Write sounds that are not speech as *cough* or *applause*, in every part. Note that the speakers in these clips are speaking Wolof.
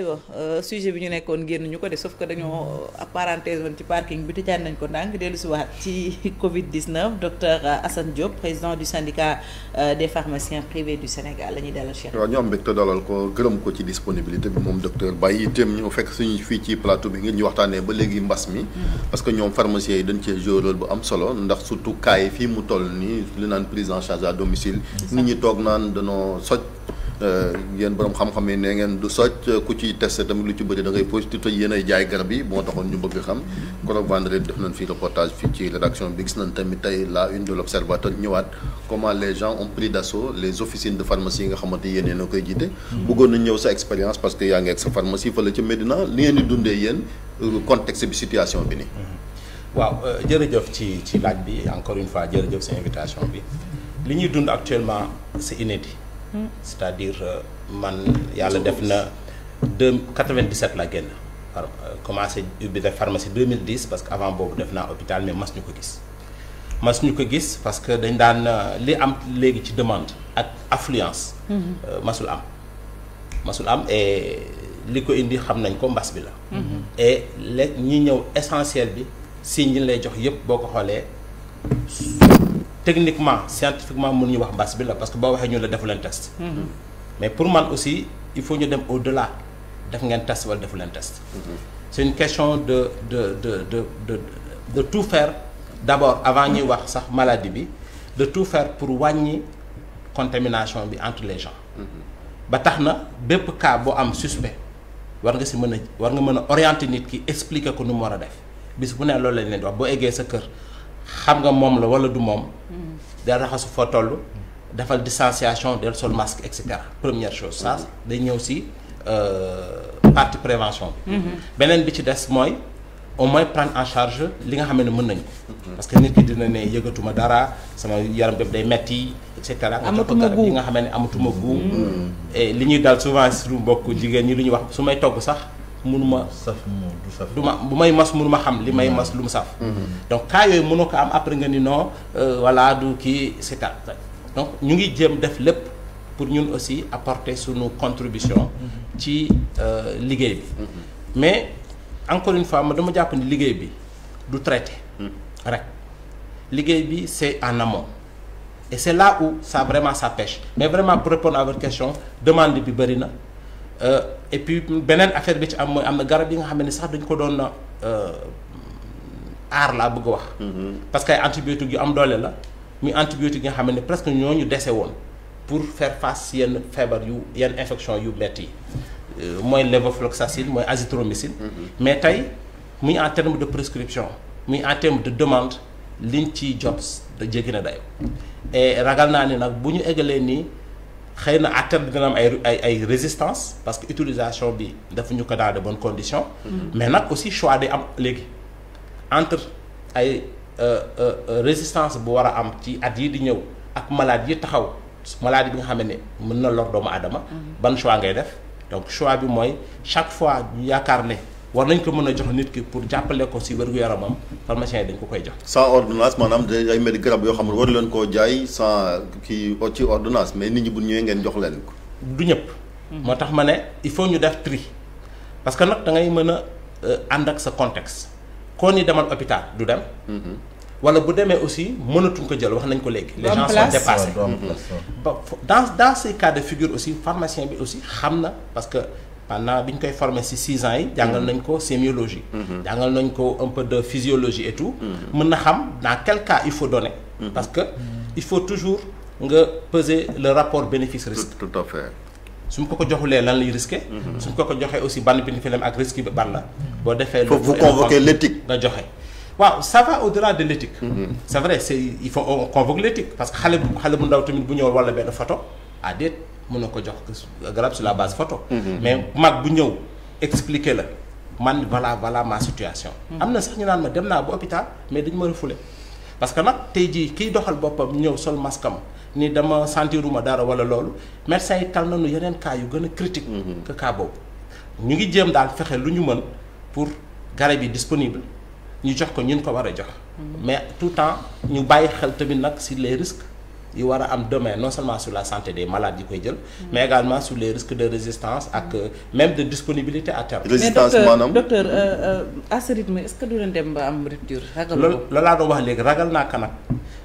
aywa euh, sujet bi ñu nekkoon génn ñu ko de sauf que dañoo euh, parenthèse woon ci parking bi tëjaan nañ ko ndànk dellu si ci *laughs* Covid 19 docteur euh, Assane Diop président du syndicat des pharmaciens privés du Sénégal la ñuy dalal Cheikh. waaw ñu dalal ko gërëm ko ci disponibilité bi moom docteur Baye itam ñu fekk suñu fii ci plateau bi ngir ñu waxtaanee ba léegi mbas mi. Mm-hmm. parce que ñoom pharmaciens yi dañ cee joué bu am solo ndax surtout cas fii mu toll nii li naan prise en Euh, yéen borom xam-xam yi ne ngeen du socc ku ciy testé tamit lu ci bëri da ngay positif te yéen jaay garab yi moo taxoon ñu bëgg xam. keroog vendredi def nañ fi reportage fii ci rédaction bi gis nañ tamit tey la une de l' observateur ñëwaat comment les gens ont pris d' assaut les officines de pharmacie yi nga xamante yéen yéen a koy jiite. bëggoon nañ ñëw sa expérience parce que yaa ngi ak sa pharmacie fële ca Médina li ngeen di dundee yéen contexte bi situation bi ni mm-hmm. waaw euh, jërëjëf ci ci laaj bi encore une fois jërëjëf sa bi li ñuy dund actuellement c' est inédit. c'est-à-dire euh, man yàlla def na deux 97 la génn par euh, commencé ubbi def pharmacie 2010 parce que avant boobu def naa hôpital mais mas ñu ko gis mas ñu ko gis parce que dañ daan euh, li am léegi ci demande ak affluence mhm. masul am masul am li ko indi xam nañ ko mbas bi la mhm. et léeg ñi ñëw essentiel bi si ñi lay jox yëpp boo ko xoolee techniquement scientifiquement mënuñu wax mbas bi la parce que boo waxee ñu la defu leen test. Mhm. mais pour man aussi il faut ñu dem de delà def ngeen test wala defu leen test. Mhm. c' est question de de de de de de tout faire d' abord avant ñuy wax sax maladie bi de tout fair pour wàññi contamination bi entre les gens. Mhm. ba tax na bépp cas boo am suspect war nga si mën a war nga mën a orienter nit ki expliquer ko nu mu war a def bis bu ne loolu lañ leen di wax boo eggee sa kër. xam nga moom la wala du moom. Mm. da raxasu foo toll. defal distanciation del sol masque et cetera première chose ça mm. day ñëw si euh, partie prévention bi. Mm-hmm. beneen bi ci des mooy au moins prendre en charge li nga xam ne mën nañu ko. Mm-hmm. que nit ki dina ne yëgatuma dara sama yaram bépp day metti et cetera. amatuma gu li nga xam ne amatuma gu. Mm-hmm. li ñuy dal souvent suñu mbokk jigéen ñi lu ñu wax su may togg sax. munuma saf du saf du ma bu may mas ma xam li may mm-hmm. mas lu mu saf mm-hmm. donc cas yooyu mënoo ko am après nga ni non euh, voilà du kii si ta donc ñu ngi jéem def lépp pour ñun aussi apporter suñu contribution mm-hmm. ci euh, liggéey bi mais encore une fois ma dama jàpp ni liggéey bi du traité rek liggéey bi c'est en amont et c'est la où ça vraiment ça pêche mais vraiment pour répondre question demande bi bëri na Euh, et puis beneen affaire bi ci am mooy am na garab yi nga xam ne sax dañ ko doon euh, aar laa bëgg wax. Mhm. parce que ay yu am doole la muy antibiotiques yi nga xam ne presque ñoo ñu dese woon pour faire face yenn feebar yu yenn infection yu metti yi euh, mooy levofloxacine mooy azithromycine. Mhm. mais tey muy en terme de prescription muy en de demande liñ ci jobs da jéggi na dayo et ragal naa ne nag bu ñu eggalee nii. xëy na à terme dina am ay ay ay résistance parce que utilisation bi defuñu ko dans de bonnes conditions. Mm-hmm. mais nag aussi choix day am léegi entre ay euh, euh, euh, résistance bu war a am ci at yi di ñëw ak malaad yi taxaw maladie bi nga xam ne mën na lor doomu aadama. Mm-hmm. ban choix ngay def donc choix bi mooy chaque fois ñu yaakaar ne. war nañ ko mën a jox nit ki pour jàppale ko si wér-gu-yaramam pharmacien yi dañ ko koy jox. sans ordonnance am day ay mel garab yoo xam ne war leen koo jaay sans kii ci ordonnance mais nit ñi bu ñëwee ngeen jox leen ko. du ñëpp. moo tax ma ne il faut ñu def tri parce que nag da ngay mën a euh, ànd ak sa contexte koo ni demal hôpital du dem. Mm-hmm. wala bu demee aussi mënatuñ ko jël wax nañ ko léegi. les dans dans cas de figure aussi pharmacien bi aussi xam na parce que. pendant bi ñu koy formé ci six ans yi jàngal nañ ko sémiologie mhm. jàngal nañ ko un peu de physiologie et tout mhm. mën na xam dans quel cas il faut donner mhm. parce que il faut toujours nga peser le rapport bénéfice risque tout à suñ ko ko joxulee lan lay risqué suñ ko ko joxee aussi ban bénéfice am ak risque bi ban la boo defee faut vous convoquer l'éthique nga joxe waaw ça au-delà de l'éthique c'est vrai c'est il faut on convoque l'éthique parce que xale bu xale bu ndaw tamit bu ñëw wala benn photo ah mun na ko jox garab sur la base photo. Mhm. mais mag bu ñëw expliquer la man voilà voilà ma situation. Mhm. am na sax ñu naan ma dem naa ba hôpital mais dañu ma refoulé parce que nag tey jii kiy doxal boppam ñëw sol masque ma ni dama sentiruma dara wala loolu médecin yi tal nañu yeneen cas yu gën a critique mhm. que cas boobu ñu ngi jéem daal fexe lu ñu mën pour garab yi disponible ñu jox ko ñun ko war a jox mais tout temps ñu bàyyi xel tamit nag si les risques yi war a am demain non seulement sur la santé des malades yi koy jël. mais également sur les risques de résistance ak euh, même de disponibilité à terme. mais docteur docteur euh, euh, à ce dem ba am rupture. ragal loolu loolu laa doon wax léegi ragal naa kanak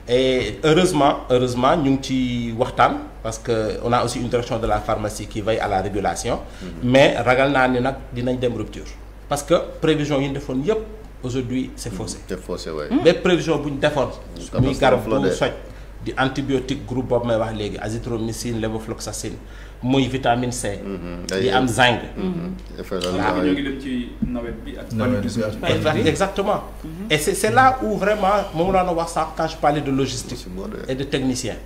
et heureusement heureusement ñu ngi ci waxtaan parce que on a aussi une direction de la pharmacie qui veille à la régulation. Mm-hmm. mais ragal naa ni nag dinañ dem rupture. parce que prévision yi ñu defoon yëpp aujourd'hui c'est faussé. c'est faussé waay. mais prévision bu ñu defoon. Mm-hmm. di antibiotique groupe boobu may wax léegi azithromycine levofloxacine muy vitamine C. Mhm, di am zinc. voilà mhm. ah, ñu ngi dem ci nawet bi ak. exactement. Mhm. et c' est c' est vraiment moom laa wax sax quand je parlais de logistique. et de technicien.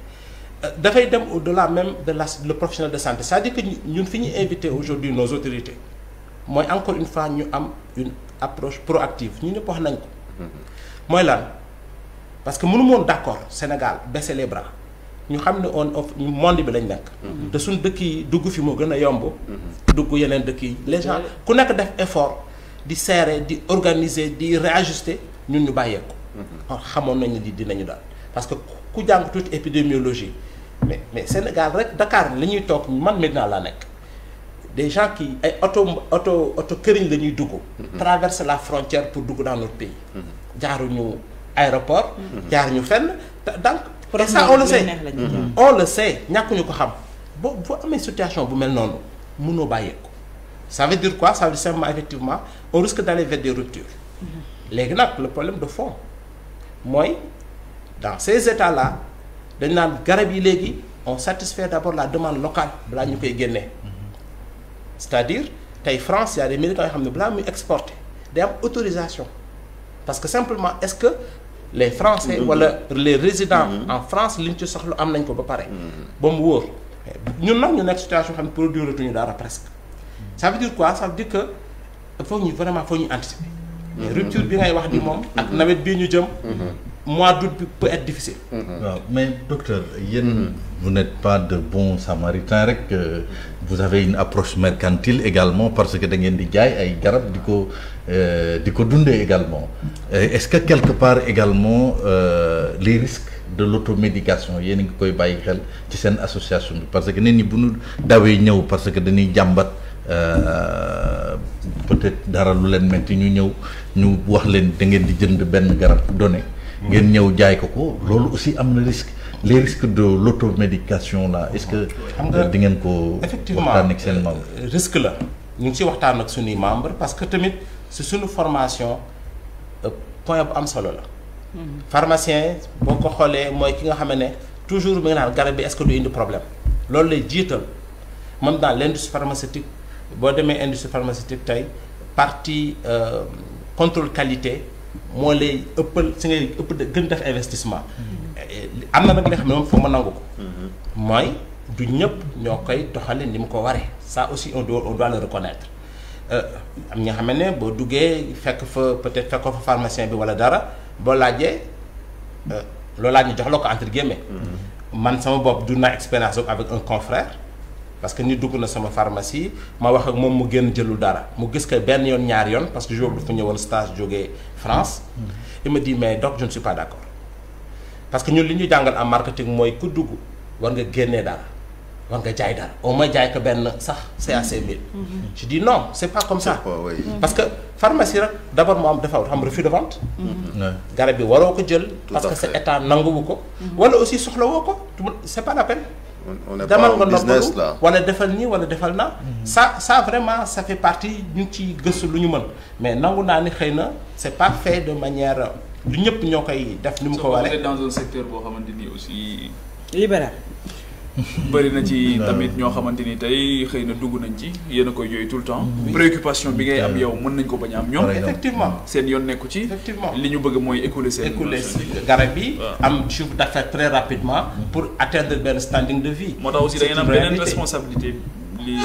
Euh, dafay dem au delà même de la le professionnel de santé c' dire que ñun fi ñu invité aujourd'hui nos autorités mooy encore une fois ñu am une approche proactive ñu ñëpp wax nañ ko. mooy lan. parce que mënu moon d' accord Sénégal baisser les bras ñu xam ne on of monde bi lañ nekk. Mhm. te suñu dëkk yi dugg fi moo gën a yomb. Mhm. dugg yeneen dëkk yi. les gens ku nekk def effort di serrer di organiser di réajuster ñun ñu bàyyeeku. Mhm. xamoon nañu di dinañu daal parce que ku jàng tuuti épidémiologie mais mais Sénégal rek Dakar la ñuy toog man Médina laa nekk. des gens ay auto auto auto këriñ la ñuy dugg. traverser la frontière pour dugg dans notre pays. jaaruñu. aéroport. Mhm. jaar ñu fenn donc. pour ça on le sait on le sait ñàkkuñu ko xam boo boo amee situation bu mel noonu mënoo bàyyeeku ça veut dire quoi ça veut dire simplement effectivement on risque d'aller vers des ruptures mhm. léegi nag le problème de fond mooy dans ces états là dañ naan garab yi léegi on satisfait d'abord la demande locale balaa ñu koy génnee mhm. c'est-à-dire tey France y a des médicaments yoo xam ne balaa mu exporter day am autorisation parce que simplement les français wala les résidents mm-hmm. en France li ñu ci soxla am nañ ko ba pare ba mu wóor ñun nag ñu nekk situation xam ne produire tuñu dara presque ca veut dire quoi ça veut dire que faut ñu vraiment faut ñu anticiper mm-hmm. mais rupture bi ngay wax ni moom ak mm-hmm. nawet bii ñu jëm mois d'août bi peut être difficile. Mm-hmm. waaw mais docteur yéen. Mm-hmm. vous n'êtes pas de bon samaritain rek euh, vous avez une approche mercantile également parce que da ngeen di jaay ay garab di ko euh, di ko dundee également euh, est-ce que quelque part également les risque de l'automédication yéen a ngi koy bàyyi xel ci seen association bi parce que neen ñi bu nu dawee ñëw parce que dañuy jàmbat. peut-être dara lu leen metti ñu ñëw ñu wax leen da ngeen di jënd benn garab donné ngeen ñëw jaay ko ko loolu aussi am na risque les risques de l'automédication la est-ce que di ngeen ko waxtaan ak seen euh, membre risque la ñu ngi si waxtaan ak suñuy membre parce que tamit si suñu formation euh, point bu am solo la mm-hmm. pharmacien boo ko xoolee mooy ki nga xam ne toujours mi ngi naan garab bi est-ce que du indi problème loolu lay jiital mën naa l'industrie pharmaceutique boo demee industrie pharmaceutique tey partie euh, contrôle qualité moo lay ëppal si ngay ëpp gën def investissement. am na nag li nga xam ne moom foo ma nangu ko. mooy du ñëpp ñoo koy doxale ni mu ko waree saa aussi on doit on doit le reconnaître euh, am ñoo xam ne boo duggee fekk fa peut-être fekk ko fa pharmacien bi walla dara boo laajee euh, loolu laaj ñu jox la ko entre guillemets. Mm-hmm. man sama bopp du naa expérience avec un confrère. parce que nit dugg na sama pharmacie ma wax ak moom mu génn jëlul dara mu gis que benn yoon ñaar yoon parce que jour dafa ñëwoon stage jógee France. Mm. il me dit mais doc je ne pas d' parce que ñun li ñu jàngal en marketing mooy ku dugg war nga génnee dara war nga jaay dara au moins jaay ko benn sax CAC 1000. Mm-hmm. Mm-hmm. je dis non c' est pas comme ça. Mm-hmm. parce que pharmacie rek d' abord mu am dafa am refus de vente. garab bi waroo ko jël. parce que sa état nanguwu ko. wala aussi soxlawoo ko c' on est demal nga noppalu wala defal nii wala defal na mhm. ça ça vraiment ça fait partie ñu ngi ciy lu ñu mën mais nangu naa ni xëy na c'est pas fait de manière du ñëpp ñoo koy def ni mu ko waree dans un secteur boo xamante ni aussi libéral bëri na ci *laughs* tamit ñoo xamante ni tey xëy na dugg nañ ci yéen a koy yooyu tout le temps. Mm-hmm. préoccupation bi ngay am yow mën nañ ko bañ a am ñoom. effectivement seen yoon nekku ci. effectivement li ñu bëgg mooy écouler seen. écouler garab yi. Mm-hmm. pour atteindre benn standing de vie. moo tax aussi da ngeen am beneen responsabilité li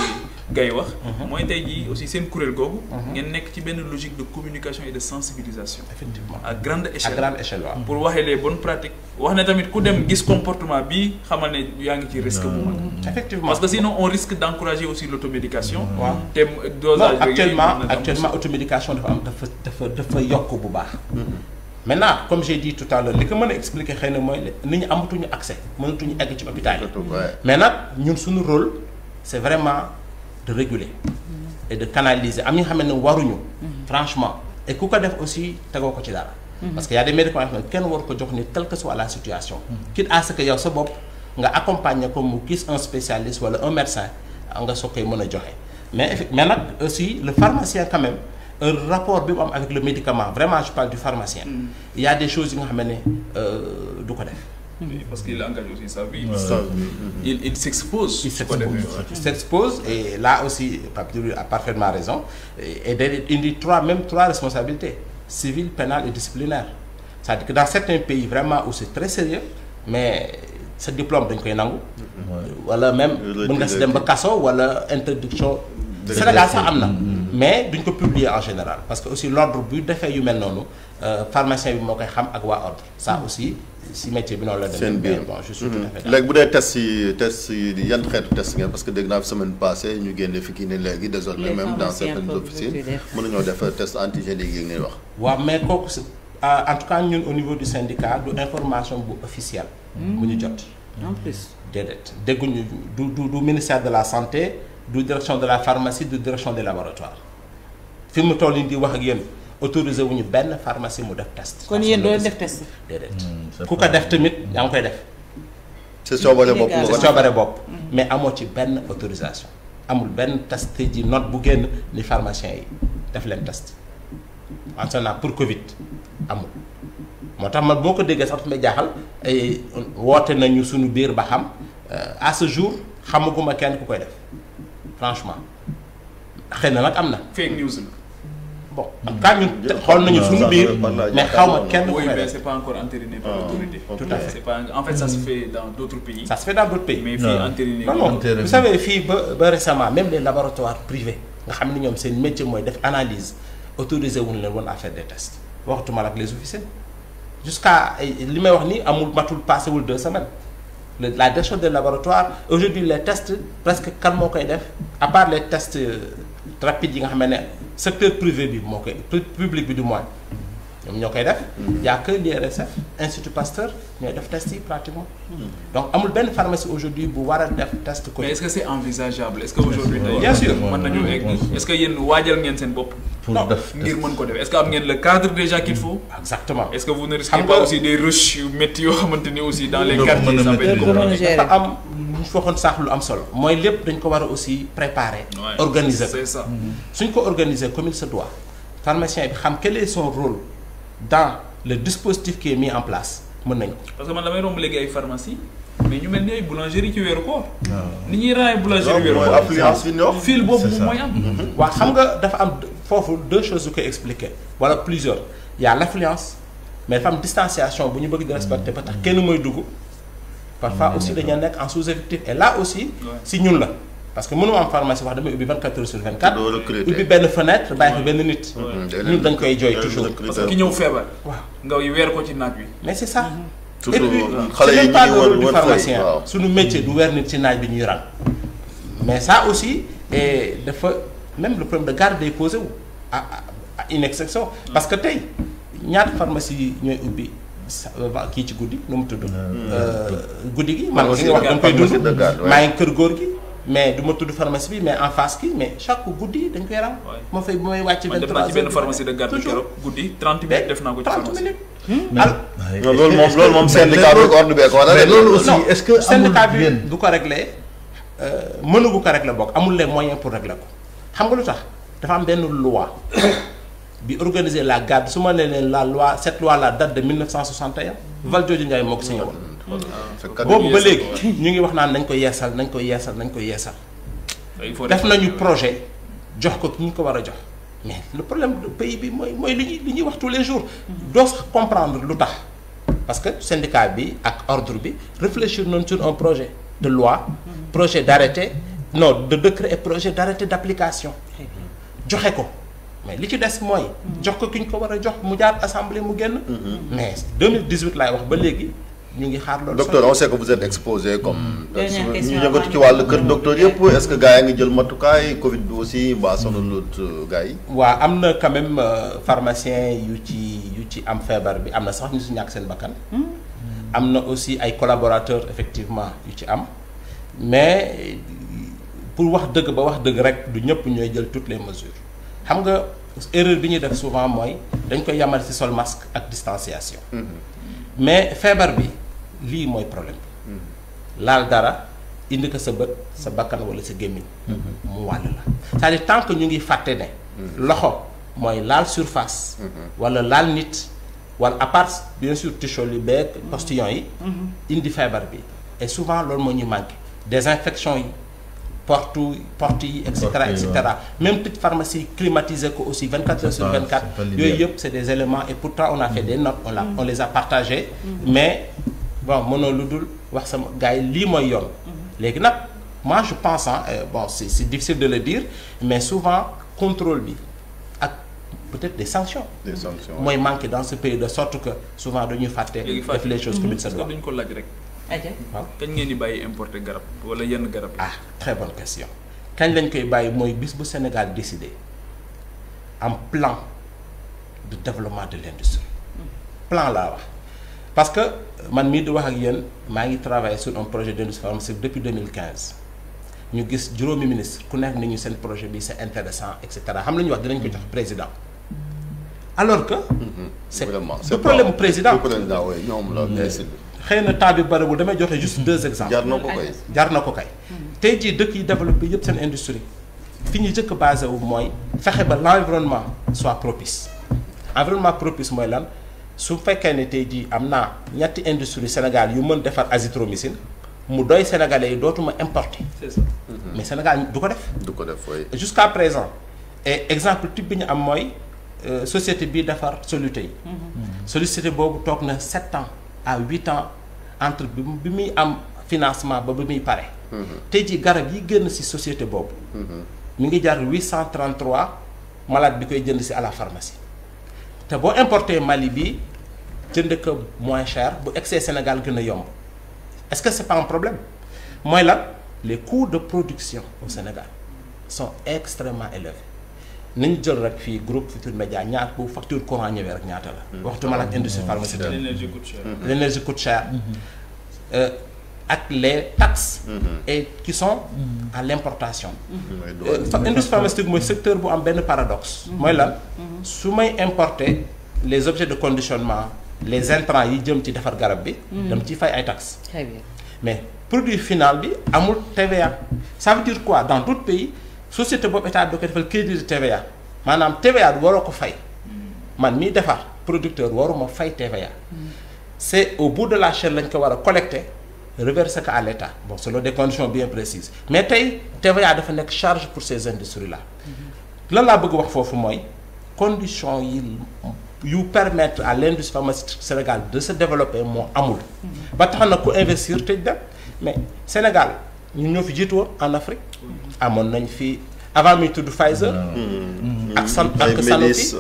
gay wax. Mm-hmm. mooy tey jii aussi seen kuréel googu. ngeen nekk ci benn logique de communication et de sensibilisation. effectivement à grande échelle pour waxee les bonnes pratiques. wax ne tamit ku dem gis comportement bi xamal ne yaa ngi ci risque bu mag. Mm. effectivement parce que sinon on risque d' encourager aussi l' automédication. Mm. waaw te dosage actuellement actuellement automédication dafa am dafa dafa dafa mm-hmm. yokk bu baax. Mm-hmm. maintenant comme j'ai dit tout à li ko mën a expliquer xëy na mooy nit ñi amatuñu accès mënatuñu egg ci hôpital yi. mais nag ñun suñu rôle c' est vraiment de réguler. Mm. et de canaliser am ni nga xam ne waruñu. Mm-hmm. franchement et ku ko def aussi tegoo ko ci dara. Mm-hmm. parce que y a des kenn war ko jox nit quelle que soit la situation. Mm-hmm. quitte à ce que yow sa bopp nga accompagner ko mu gis un spécialiste wala un médecin nga soog koy mën a joxe mais mais nag aussi le pharmacien quand même. un rapport bi mu am avec le médicament vraiment je parle du pharmacien. il mm-hmm. y a yi nga xam ne euh, du ko def. parce que il engage aussi sa vie. il il s'expose. il s'expose et là aussi Pape Djibril a parfaitement raison et day indi trois même trois responsabilités. civile, pénale et disciplinaire. C'est-à-dire que dans certains pays vraiment où c'est très sérieux, mais sa diplôme dañ koy nangu. wala même mën nga si dem ba kaso wala interdiction. Sénégal sax am na. mais duñ ko publier en général parce que aussi l'ordre bu defee yu mel noonu euh, pharmacien bi moo koy xam ak waa ordre ça hmm. aussi si métier bi noonu la demee. seen biir bon je suis hmm. que dégg naa semaine passée ñu génne def test antigénique yi ngay wax. waaw mais kooku si euh, en tout cas ñun au niveau du syndicat du information bu officielle. bu hmm. ñu jot. en dégguñu du du ministère de la santé. du direction de la pharmacie du direction des laboratoires fi mu toll nii di wax ak yéen autorisé ñu benn pharmacie mu def test. kon yéen doo def test. Hmm, ku ko def tamit yaa koy def. sa coobare bopp sa coobare hmm. mais amoo ci benn autorisation. amul benn test ji note bu génn ni pharmacien yi def leen test en pour Covid amul. moo tax man boo ko déggee sax dafay jaaxal ay euh, woote nañu suñu biir ba xam euh, à ce jour xamaguma kenn ku koy def. franchement xëy na nag am na. fake news la. bon en tout cas xool nañu suñu biir mais xaw ma kenn ku mais c'est pas fait ah, c'est pas en fait ça se fait dans d'autres pays. ça se fait dans d'autres pays. mais fii entériné non non vous ba ba récemment même les laboratoires privés nga xam ne ñoom seen métier mooy def analyse autorisé wuñ leen woon à faire des tests ak les officiers jusqu'à li may wax ni amul matul passé deux semaines. la décharge de laboratoire aujourd'hui les test presque kan moo koy def à part les tests euh, rapides yi nga xam ne secteur privé bi moo koy public bi du moins ñoom ñoo koy def. y' a que l'IRSF Institut Pasteur ñooy def test yi pratiquement. donc amul benn pharmacie aujourd'hui bu war a def test. Covid mais est ce que envisageable est ce que waajal ngeen seen bopp. pour def ngir mën ko def est ce que am ngeen le cadre déjà qu'il faut. exactement est ce ne risquez pas aussi yu xamante ni aussi dans les quartiers ça peut être compliqué dafa am lu ñu sax lu am solo. mooy lépp dañ ko war a aussi préparer. organiser ko mhm. suñ ko organiser comme il se doit pharmacien xam son rôle. dans le dispositif qui est mis en place mën nañ ko. parce que man damay romb léegi ay pharmacie mais ñu mel ni ay boulangerie ci weeru koor. Ah. ni ñuy raay boulangerie weeru koor. affluence fil boobu moom mooy am. Mm-hmm. xam nga dafa am foofu deux choses yu koy expliquer wala plusieurs y a l'affluence mais dafa am distanciation bu ñu bëgg di respecter ba tax kenn mooy dugg parfois mm-hmm. aussi dañu nekk en sous-effectif et là aussi si ñun la. parce que mënuma am pharmacie wax damay ubbi 24 heures benn fenêtre bàyyi fa benn nit. Mm-hmm. ñun dañ koy jooy toujours. parce que ki ñëw feebar. waaw nga weer ko ci naaj wi. mais c'est ça. Mm-hmm. surtout xale yi ñu ngi weer nit ci naaj bi ñuy rang. mais ça aussi eh, dafa même le problème de garde day posé wu à à une exception parce que tey ñaata pharmacie ñooy ubbi. kii ci guddi nu mu tudd. Mm. Euh, guddi gi. man ki nga wax da nga koy dund maa ngi kër góor gi. mais du ma tudd pharmacie bi mais en face kii mais chaque guddi dañ koy ram. moo fay mooy wàcc. benn 3 def naa ci benn pharmacie de garde keroog guddi 30 minutes def naa ko ci pharmacie. bi ordre beeg wala mais loolu ko réglé mënugu ko euh, amul les moyens pour réglé ko xam nga lu tax dafa am benn loi *coughs* bi organiser la garde su ma nee leen la loi cette loi la date de 1961 Valdiodio Ndiaye moo ko signé woon Ah, boobu ba léegi *laughs* ñu ngi wax naan nañ koy yeesal nañ koy yeesal nañ ko yeesal def nañu projet jox ko ki ñu ko war a jox mais le problème du pays bi mooy mooy li ñuy li ñuy wax tous les jours doo sax comprendre lu tax parce que syndicat bi ak ordre bi réfléchir noonu sur un projet de loi projet d'arrêté non de décret et projet d'arrêté d'application joxe ko mais li ci des mooy jox ko ki ñu ko war a jox mu jaar assemblée mu génn mm-hmm. mais 2018 laay wax ba léegi ñu ngi xaar loolu docteur on sait que vous êtes exposé comme. Mm. Mm. ñu yëngatu ci wàll kër doctor yëpp est-ce que gars yi ngi jël matukaay Covid bi aussi mbaa sonalut euh, gars yi. waa am na quand même euh, pharmacien yu ci yu ci am feebar bi am na sax ñu si ñàkk seen bakkan. Mm. am na aussi ay collaborateur effectivement yu ci am mais pour wax dëgg ba wax dëgg rek du ñëpp ñooy jël toutes les mesures xam nga erreur bi ñuy def souvent mooy dañ koy yamal ci sol masque ak distanciation. Mm-hmm. mais feebar bi. lii mooy problème bi laal dara indi ko sa bët sa bakkan wala sa gémmiñ mhm. mu wàll la c'est-à-dire tant que ñu ngi fàtte ne mhm. loxo mooy laal surface mhm. wala laal nit wala à part bien sûr tichol yu beeg postillon yi indi feebar bi et souvent loolu moo ñu manqué désinfection yi porte porte yi et cetera et cetera même toute pharmacie ko aussi yooyu yëpp c'est des éléments et pourtant on a fait des notes on les a partagés mais bon mënoo lu dul wax sama gars yi lii mooy yoon. Mhm. léegi nag moi je pense ah bon c'est c'est difficile de le dire mais souvent contrôle bi ak peut-être de sanctions. des sanctions mooy manqué dans ce pays de sorte que souvent dañuy fàtte. def les choses comme il se doit duñ ko laaj rek. ok waaw kañ importer garab wala yenn garab yi. ah très bonne question kañ lañ koy bàyyi mooy bis bu Sénégal décidé am plan de développement de l'industrie mhm. plan laa wax. parce que man mii di wax ak yéen maa ngi travailler sur un projet d'industrie pharmaceutique depuis 2015 ñu gis juróomi ministre ku nekk ni ñu seen projet bi c'est intéressant et cetera xam lu ñu wax dinañ ko jox président alors que. c'est le mm-hmm. problème président ñoom la mm-hmm. xëy na temps bi bariwul damay joxe juste mm-hmm. deux exemples. jar na ko kay jar na ko kay. tey jii dëkk yi développé yépp seen industrie fi ñu jëkk basé wu mooy fexe ba l'environnement soit propice environnement propice mooy lan. su fekkee ne tey jii am naa ñetti industrie Sénégal yu mën defar azithromycine mu doy sénégalais yi dootuma importer. mais Sénégal du ko def. du ko def oui. jusqu'à présent et exemple type bi ñu am mooy euh, société bii defar soluté yi. Mm-hmm. Mm-hmm. soluté boobu toog na sept ans à huit ans entre bi bi muy am financement ba bi muy pare. Mm-hmm. tey garab yi génn ci société boobu. mu ngi jar huit cent trente-trois malade bi koy jënd ci à pharmacie. te boo importé Mali bi jënd ko moins cher bu excès Sénégal gën a yomb est-ce que c'est pas un problème mooy la les coûts de production au Sénégal sont extrêmement élevés ñu jël rek fii groupe Futurs Médias ñaar bu facture courant ñëwee rek ñaata la. Hmm. waxtuma la ak industrie hmm. pharmaceutique hmm. l'énergie coûte cher l'énergie coûte cher. Euh, ak les taxes. Mm-hmm. et qui sont à l'importation. Mm-hmm. Euh, industrie pharmaceutique mooy secteur bu am benn paradoxe. Mm-hmm. mooy lan su may importer les objets de conditionnement les intrants yi jëm ci defar garab bi. dama ciy fay ay taxes. mais produit final bi amul TVA. ça veut dire quoi dans tout pays société boobu état da koy defal crédit de TVA maanaam TVA du waroo ko fay. man miy defar producteur waruma fay TVA. c'est au bout de la chaîne lañ ko war a collecter. reverser ko à l'État bon selon des conditions bien précises mais tey TVA dafa nekk charge pour ces industries la lan laa bëgg wax foofu mooy conditions yi yu permettre à l'industrie pharmaceutique Sénégal de se développer moo amul ba tax na ku investir tëj dem mais Sénégal ñu ñoo fi jiitu en Afrique amoon nañ fi avant muy tudd Pfizer mm. Mm. ak san ak Sanofi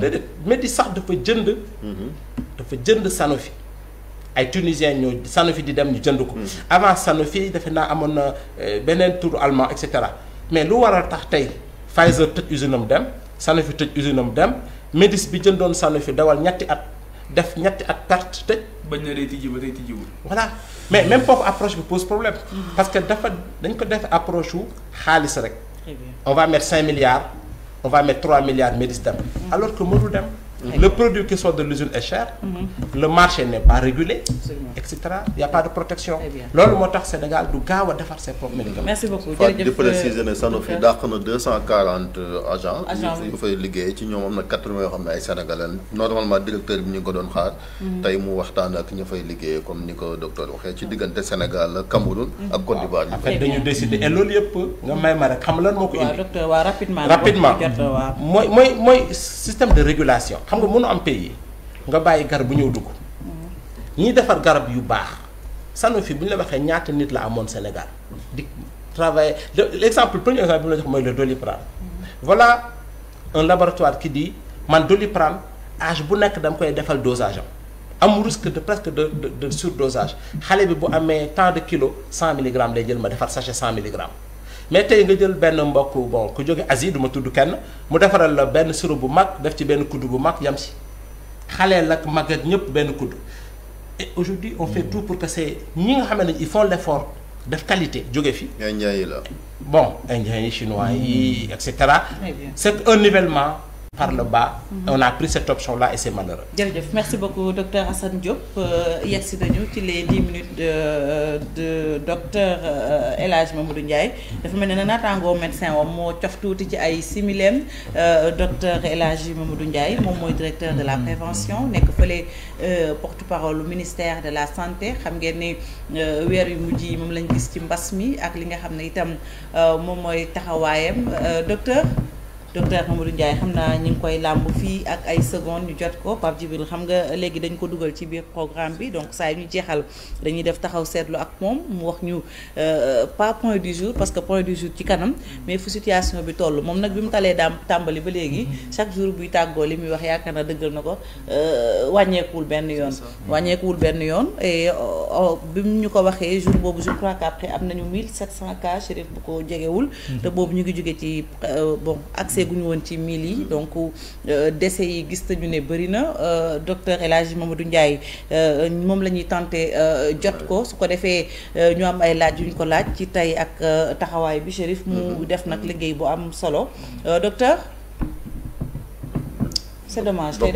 déedéet Médis sax dafa jënd mm-hmm. dafa jënd Sanofi ay tunisiens ñoo Sanofi di dem ñu jënd ko. Mm. avant Sanofi defe naa amoon na euh, beneen tour allemand et cetera mais lu war a tax tey Pfizer tëj usine am dem Sanofi tëj usine dem Médis bi jën doon jëndoon Sanofi dawal ñetti at def ñetti at perte tëj. bañ na day tijji ba day tijjiwul. voilà mais même foofu approche bi pose problème. Mm. parce que dafa dañ ko defe approche wu xaalis rek. on va mettre 5 milliards on va mettre 3 milliards Médis dem. Mm. alors que mënul dem. le produit qui sort de l'usine est cher mhm. le marché n'est pas régulé et cetera a pas de protection loolu moo tax Sénégal du gaaw a defar ses propres médicaments merci beaucoup jërëjëf di préciser euh, ne na deux cent quarante euh, agents yu fay liggéey ci ñoom am na quatre-vingts yoo xam directeur bi ñu ngi ko doon xaar mhm. tey mu waxtaan ak ñu fay liggéey comme ni ko docteur waxee ci diggante Sénégal Cameroun mhm. ak Côte d'Ivoire en fait dañu décider et loolu yëpp nga may ma rek xam lan moo ko indi rapidement rapidement mooy mooy mooy système de régulation xam nga mënu am pays nga bàyyi garab bu ñëw dugg ñiy defar garab yu baax Sanofi bu ñu la waxee ñaata nit la amoon Sénégal di travailler l'exemple premier exemple bi ma la jox mooy le Doliprane voilà un laboratoire qui di man Doliprane age bu nekk dama koy defal dosage am am risque de presque de de de surdosage xale bi bu amee tant de kilos 100 milligrammes lay jël ma defar sachet 100 milligrammes mais tey nga jël benn mbokk bon ku jóge Asie duma tudd kenn mu defaral la benn sirop bu mag def ci benn kuddu bu mag yam si xaleel ak mag ak ñëpp benn kuddu et aujourd'hui on fait hmm. tout pour que c'est ñi nga xam ne ils font l'effort def qualité jóge fi. indien yi la. bon indien yi chinois yi hmm. et c'est un nivellement. par le bas. Mhm. on a pris cette option là et c'est malheureux. jërëjëf merci beaucoup docteur Assane Diop euh, yegsi nañu ci les dix minutes de euh, de docteur euh, El Hadj Mamadou Ndiaye dafa mel ne naataangoo médecin wam moo cof tuuti ci ay simileem docteur El Hadj Mamadou Ndiaye moom mooy directeur de la mhm. prévention nekk fële porte-parole ministère de la santé xam ngeen ni weer yu mujj yi moom lañ gis ci mbas mi ak li nga xam ne itam moom mooy taxawaayam docteur. docteur Mamadou Ndiaye xam naa ñu ngi koy làmb fii ak ay seconde ñu jot ko Pape Djibril xam nga léegi dañ ko dugal ci biir programme bi donc saa ñu jeexal dañuy def taxaw seetlu ak moom mu wax ñu euh, pas point du jour parce que point du jour ci kanam mais fu situation bi toll moom nag bi mu talee daam tàmbali ba léegi chaque jour buy tàggoo li muy wax yaakaar na dëggal na ko euh, wàññeekuwul benn yoon wàññeekuwul benn yoon bi mu ñu ko waxee jour boobu je crois qu'après am nañu 1700 cas chérif bu ko jegewul mmh. te boobu ñu ngi jóge ci euh, bon accès accès gu ñu woon ci mille yi donc euh, décès yi gis nañu ne bëri na euh, docteur El Hadji Mamadou Ndiaye euh, moom la ñuy tenté jot ko su ko defee ñu am ay laaj yuñ ko laaj ci tey ak taxawaay bi Chérif mu mm-hmm. def nag liggéey bu am solo docteur c'est dommage tey